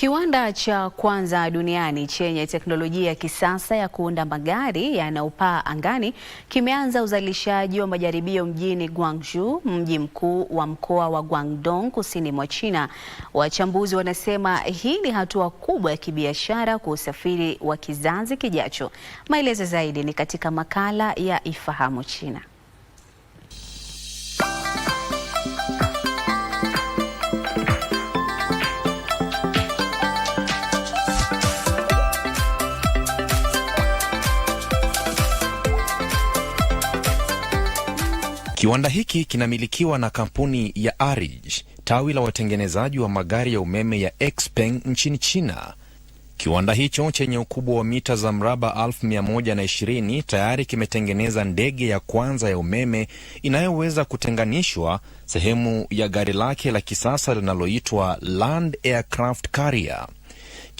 Kiwanda cha kwanza duniani chenye teknolojia ya kisasa ya kuunda magari yanayopaa angani kimeanza uzalishaji wa majaribio mjini Guangzhou, mji mkuu wa mkoa wa Guangdong kusini mwa China. Wachambuzi wanasema hii ni hatua kubwa ya kibiashara kwa usafiri wa kizazi kijacho. Maelezo zaidi ni katika makala ya Ifahamu China. Kiwanda hiki kinamilikiwa na kampuni ya Arij, tawi la watengenezaji wa magari ya umeme ya Xpeng nchini China. Kiwanda hicho chenye ukubwa wa mita za mraba 1120 tayari kimetengeneza ndege ya kwanza ya umeme inayoweza kutenganishwa sehemu ya gari lake la kisasa linaloitwa Land Aircraft Carrier.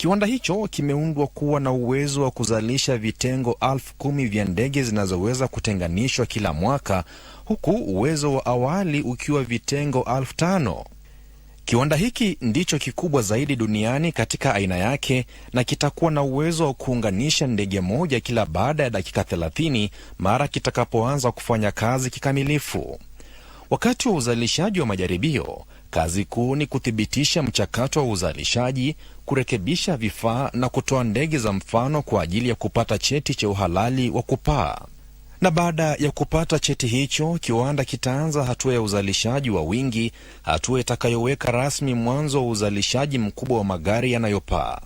Kiwanda hicho kimeundwa kuwa na uwezo wa kuzalisha vitengo elfu kumi vya ndege zinazoweza kutenganishwa kila mwaka, huku uwezo wa awali ukiwa vitengo elfu tano. Kiwanda hiki ndicho kikubwa zaidi duniani katika aina yake na kitakuwa na uwezo wa kuunganisha ndege moja kila baada ya dakika 30 mara kitakapoanza kufanya kazi kikamilifu. Wakati wa uzalishaji wa majaribio, kazi kuu ni kuthibitisha mchakato wa uzalishaji, kurekebisha vifaa na kutoa ndege za mfano kwa ajili ya kupata cheti cha uhalali wa kupaa. Na baada ya kupata cheti hicho, kiwanda kitaanza hatua ya uzalishaji wa wingi, hatua itakayoweka rasmi mwanzo wa uzalishaji mkubwa wa magari yanayopaa.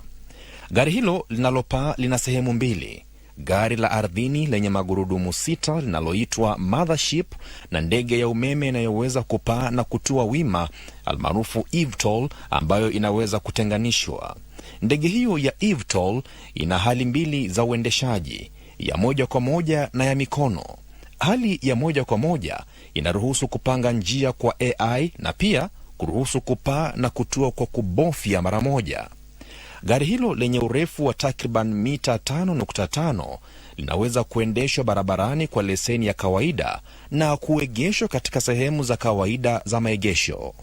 Gari hilo linalopaa lina sehemu mbili gari la ardhini lenye magurudumu sita linaloitwa mothership na ndege ya umeme inayoweza kupaa na kutua wima almaarufu eVTOL ambayo inaweza kutenganishwa. Ndege hiyo ya eVTOL ina hali mbili za uendeshaji, ya moja kwa moja na ya mikono. Hali ya moja kwa moja inaruhusu kupanga njia kwa AI na pia kuruhusu kupaa na kutua kwa kubofya mara moja. Gari hilo lenye urefu wa takriban mita 5.5 linaweza kuendeshwa barabarani kwa leseni ya kawaida na kuegeshwa katika sehemu za kawaida za maegesho.